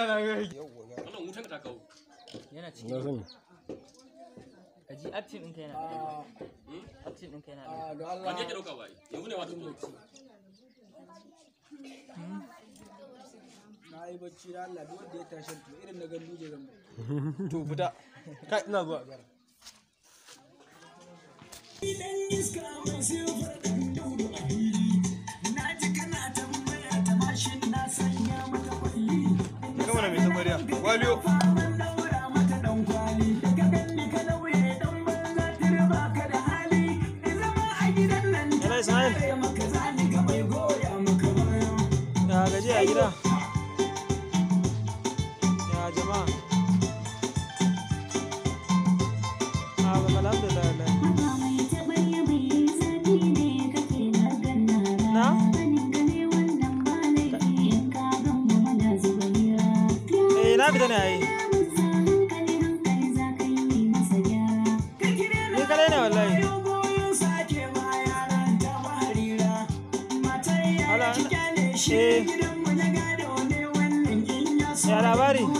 wannan wutan ta yana cikin na ji actin ɗinka yana ɗaya ɗinka yana ɗaya don Allah ɗauka ba yanzu ne wata lokaci na yi bacci da Allah duk wanda ya tashi to irin na gandu da zan to fita kai ina zuwa gara idan iska Valeu! Nice, nice. na fita ni ne wallahi ala eh. ya labari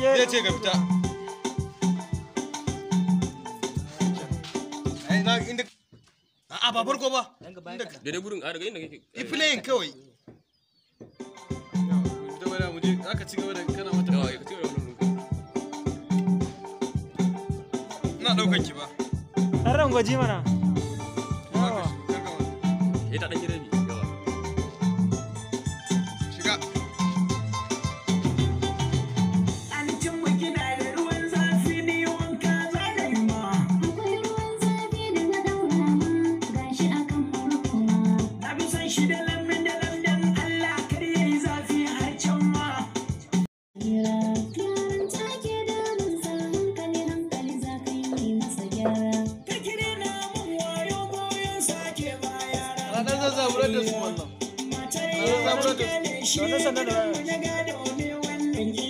zai ce ka fita Ah, ba farko ba da dai gurin a daga inda kake ifilayin kawai fita bana mu je aka ci gaba da kana mata yawa ka ci gaba da wannan ina daukar ki ba ran gwaji mana ita dan gidan an zabura da su wannan da su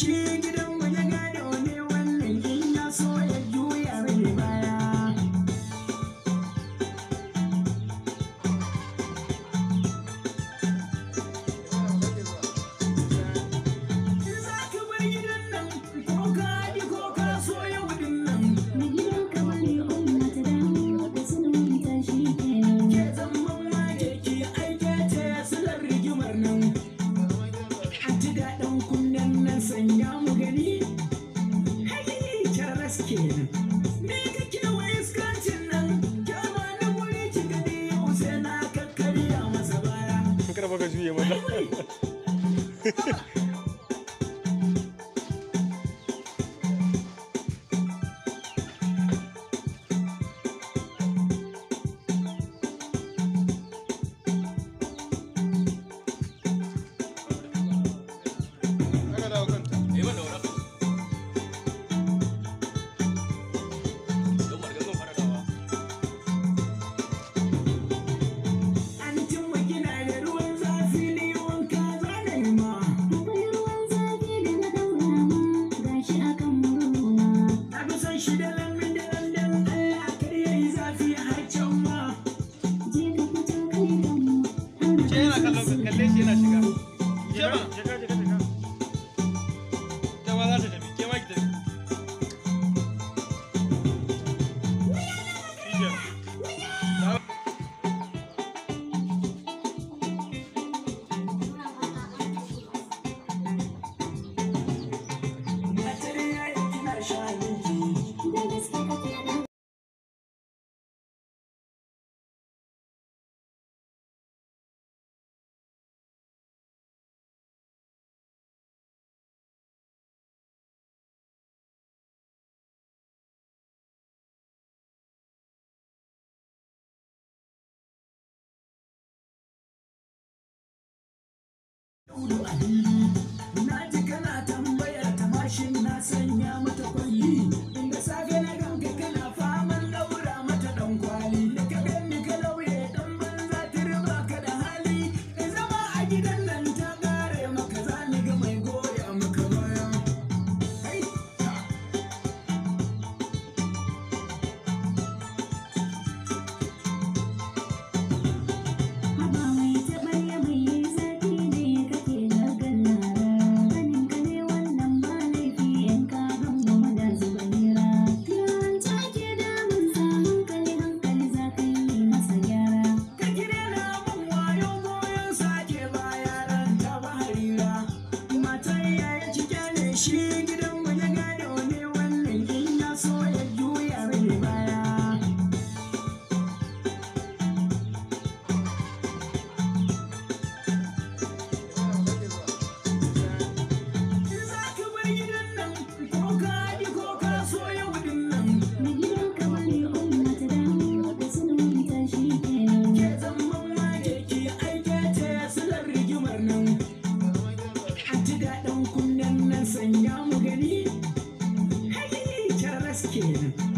She get возьми его, да? should Na ji kana tambayar tamashin na sanya Esquina.